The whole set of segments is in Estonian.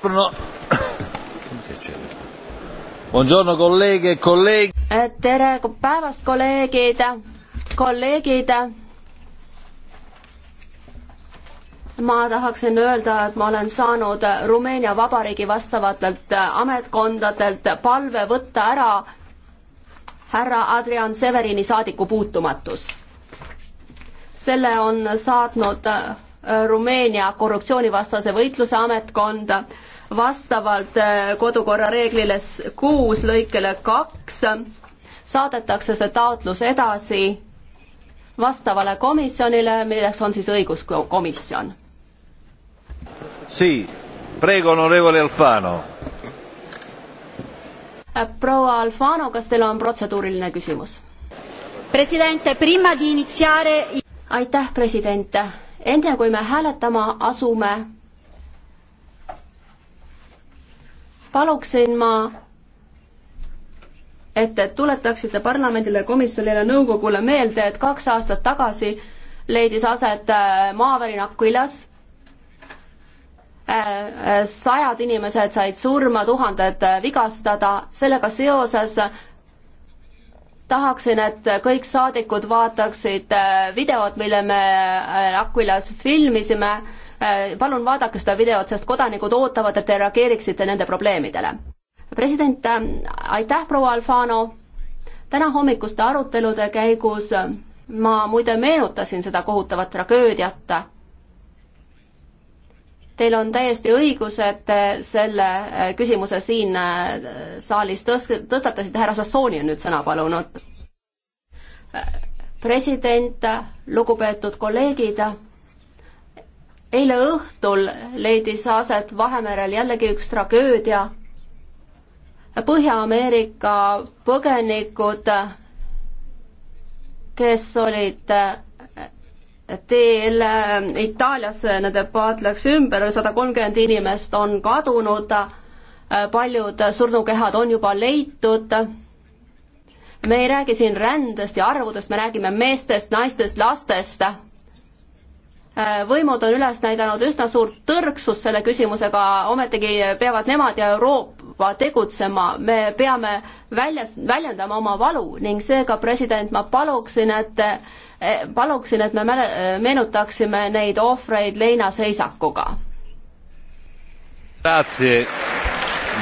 Buongiorno. Buongiorno kolleege, kolleeg-. E eh, tere päevast, kolleegid, kolleegid. ma tahaksin öelda, et ma olen saanud Rumeenia Vabariigi vastavatelt ametkondadelt palve võtta ära härra Adrian Severini saadikupuutumatus. selle on saatnud Rumeenia korruptsioonivastase võitluse ametkonda vastavalt äh, kodukorra reeglile kuus lõikele kaks saadetakse see taotlus edasi vastavale komisjonile, milleks on siis õiguskomisjon. Sii, prego onorevole Alfano. Äh, proua Alfano, kas teil on protseduuriline küsimus? president, prima di iniziare aitäh, president enne kui me hääletama asume, paluksin ma, et te tuletaksite parlamendile, komisjonile, nõukogule meelde, et kaks aastat tagasi leidis aset äh, maavärin Aquilas. Äh, äh, sajad inimesed said surma, tuhanded vigastada, sellega seoses tahaksin, et kõik saadikud vaataksid äh, videot, mille me äh, Aquilas filmisime. Äh, palun vaadake seda videot, sest kodanikud ootavad, et te reageeriksite nende probleemidele. president, aitäh, proua Alfano. täna hommikuste arutelude käigus ma muide meenutasin seda kohutavat tragöödiat Teil on täiesti õigus, et te selle äh, küsimuse siin äh, saalis tõst-, tõstatasite, härra Sassooni on nüüd sõna palunud. president, lugupeetud kolleegid, eile õhtul leidis aset Vahemerel jällegi üks tragöödia. Põhja-Ameerika põgenikud, kes olid äh, teel äh, Itaaliasse nende paat läks ümber, sada kolmkümmend inimest on kadunud, äh, paljud surnukehad on juba leitud. me ei räägi siin rändest ja arvudest, me räägime meestest, naistest, lastest. Äh, võimud on üles näidanud üsna suurt tõrksust selle küsimusega, ometigi peavad nemad ja Euroopa Euroopa tegutsema, me peame väljas, väljendama oma valu ning seega, president, ma paluksin, et eh, paluksin, et me meenutaksime neid ohvreid leinaseisakuga. Grazie.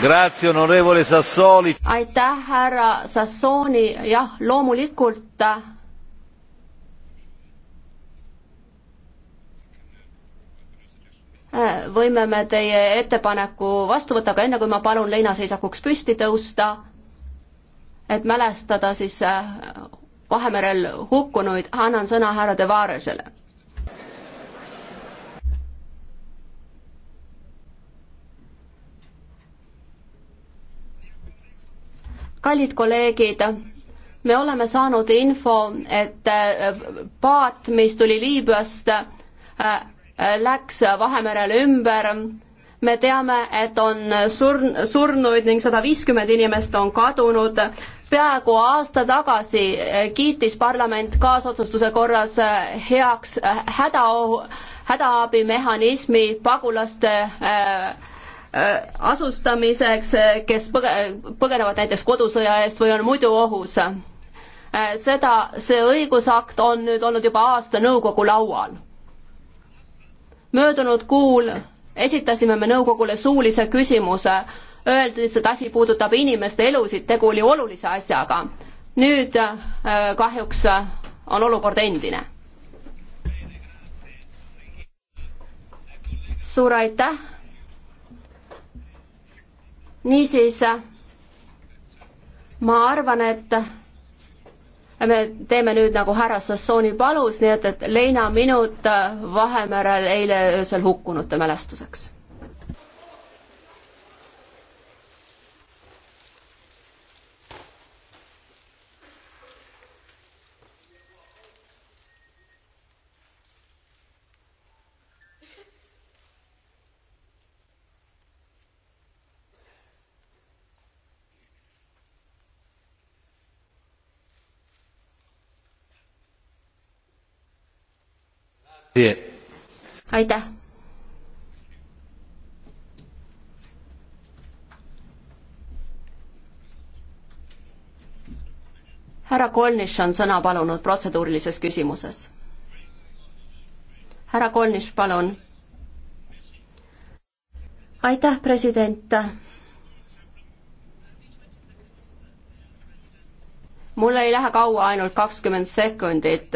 Grazie, onorevole Sassoli. aitäh, härra Sassooni, jah, loomulikult võime me teie ettepaneku vastu võtta, aga enne kui ma palun leinaseisakuks püsti tõusta, et mälestada siis äh, Vahemerel hukkunuid, annan sõna härra De Varesele kallid kolleegid, me oleme saanud info, et äh, paat, mis tuli Liibüast, äh, läks Vahemerele ümber. me teame, et on surn-, surnuid ning sada viiskümmend inimest on kadunud. peaaegu aasta tagasi kiitis parlament kaasotsustuse korras heaks hädaohu, hädaabimehhanismi pagulaste äh, äh asustamiseks, kes põge-, põgenevad näiteks kodusõja eest või on muidu ohus. Äh, seda, see õigusakt on nüüd olnud juba aasta nõukogu laual möödunud kuul esitasime me nõukogule suulise küsimuse, öeldes, et asi puudutab inimeste elusid, tegu oli olulise asjaga. nüüd äh, kahjuks äh, on olukord endine. suur aitäh. niisiis, äh, ma arvan, et me teeme nüüd nagu härra Sassooni palus, nii et, et leinaminut äh, Vahemerel eile öösel hukkunute mälestuseks aitäh. härra Kolniš on sõna palunud protseduurilises küsimuses. härra Kolniš, palun. aitäh, president. mul ei lähe kaua, ainult kakskümmend sekundit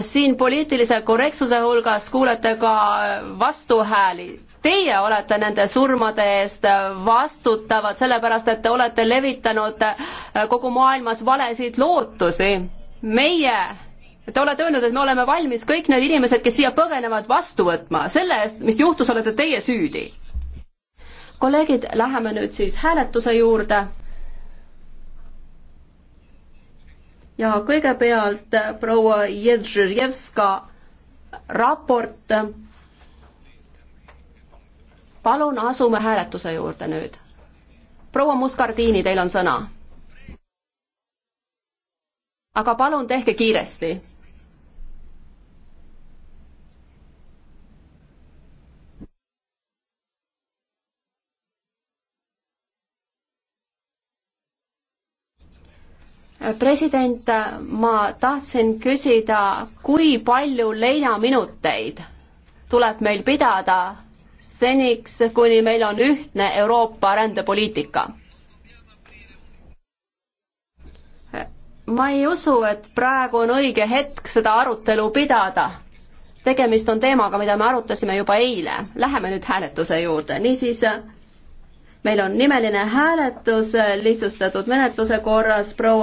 siin poliitilise korrektsuse hulgas kuulete ka vastuhääli. Teie olete nende surmade eest vastutavad, sellepärast et te olete levitanud kogu maailmas valesid lootusi. meie Te olete öelnud, et me oleme valmis kõik need inimesed, kes siia põgenevad, vastu võtma. selle eest, mis juhtus, olete teie süüdi. kolleegid, läheme nüüd siis hääletuse juurde ja kõigepealt proua Jedževska raport. palun asume hääletuse juurde nüüd. proua Muskardiini, teil on sõna. aga palun tehke kiiresti president, ma tahtsin küsida, kui palju leinaminuteid tuleb meil pidada seniks, kuni meil on ühtne Euroopa rändepoliitika? ma ei usu, et praegu on õige hetk seda arutelu pidada. tegemist on teemaga, mida me arutasime juba eile. Läheme nüüd hääletuse juurde, niisiis meil on nimeline hääletus lihtsustatud menetluse korras, proua